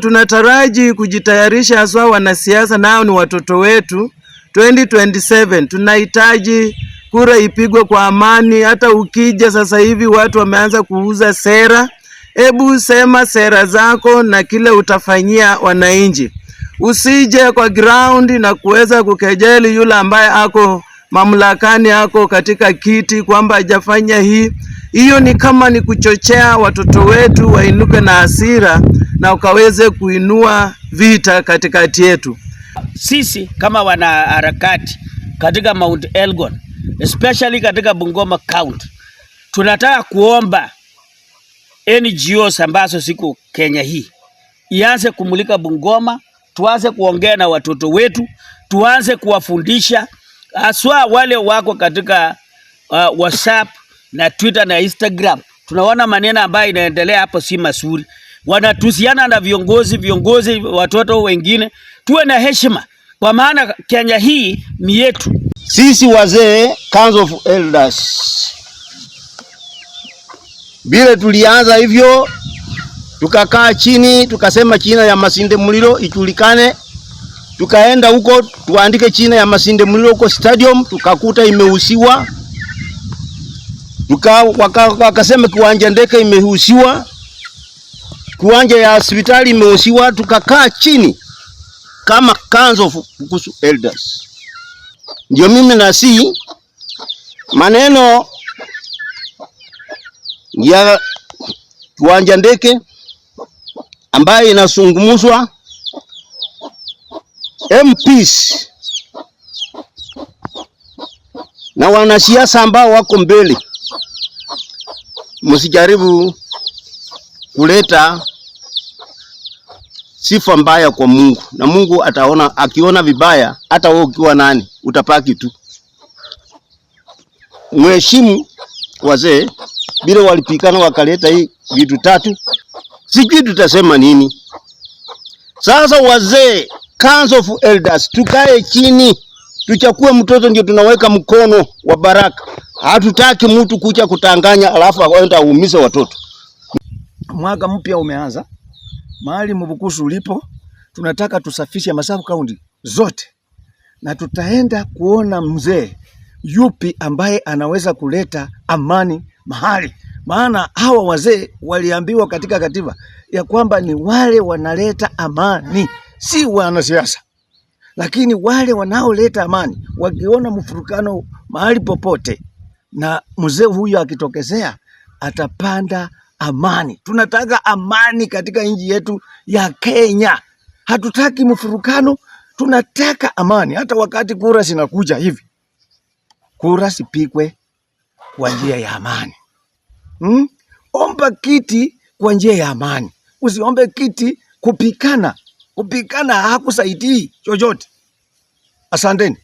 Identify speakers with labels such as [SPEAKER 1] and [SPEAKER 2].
[SPEAKER 1] tunataraji kujitayarisha, haswa wanasiasa nao ni watoto wetu. 2027 tunahitaji kura ipigwe kwa amani. Hata ukija sasa hivi watu wameanza kuuza sera. Hebu sema sera zako na kile utafanyia wananchi, usije kwa ground na kuweza kukejeli yule ambaye ako mamlakani, ako katika kiti kwamba hajafanya hii. Hiyo ni kama ni kuchochea watoto wetu wainuke na hasira na ukaweze kuinua vita katikati yetu.
[SPEAKER 2] Sisi kama wanaharakati katika Mount Elgon, especially katika Bungoma County, tunataka kuomba NGOs ambazo siku Kenya hii ianze kumulika Bungoma, tuanze kuongea na watoto wetu, tuanze kuwafundisha haswa wale wako katika uh, WhatsApp na Twitter na Instagram. Tunaona maneno ambayo inaendelea hapo si mazuri wanatusiana na viongozi viongozi, watoto wengine. Tuwe na heshima, kwa maana Kenya hii ni yetu
[SPEAKER 3] sisi wazee, Council of Elders. Vile tulianza hivyo, tukakaa chini, tukasema china ya masinde muliro ijulikane tukaenda huko tuandike china ya masinde mlilo huko stadium, tukakuta imehusiwa tuka wakasema waka kiwanja ndeke imehusiwa Kiwanja ya hospitali imehushiwa, tukakaa chini kama kanzo of Elders. Ndio mimi nasi maneno ya kiwanja ndeke ambayo inasungumuzwa MPs na wanasiasa ambao wako mbele, msijaribu kuleta sifa mbaya kwa Mungu, na Mungu ataona, akiona vibaya, hata wewe ukiwa nani utapaki tu. Mheshimu wazee, bila walipikana wakaleta hii vitu tatu, sijui tutasema nini sasa. Wazee, Council of Elders, tukae chini tuchakue mtoto, ndio tunaweka mkono wa baraka. Hatutaki mtu kucha kutanganya alafu aende aumize watoto
[SPEAKER 4] mwaka mpya umeanza. Mahali Mbukusu ulipo, tunataka tusafishe Masaku kaunti zote, na tutaenda kuona mzee yupi ambaye anaweza kuleta amani mahali maana hawa wazee waliambiwa katika katiba ya kwamba ni wale wanaleta amani, si wanasiasa. Lakini wale wanaoleta amani wakiona mfurukano mahali popote, na mzee huyu akitokezea atapanda amani. Tunataka amani katika nchi yetu ya Kenya. Hatutaki mfurukano, tunataka amani. Hata wakati kura zinakuja hivi, kura sipikwe kwa njia ya amani hmm? Omba kiti kwa njia ya amani, usiombe kiti kupikana. Kupikana hakusaidii chochote. Asanteni.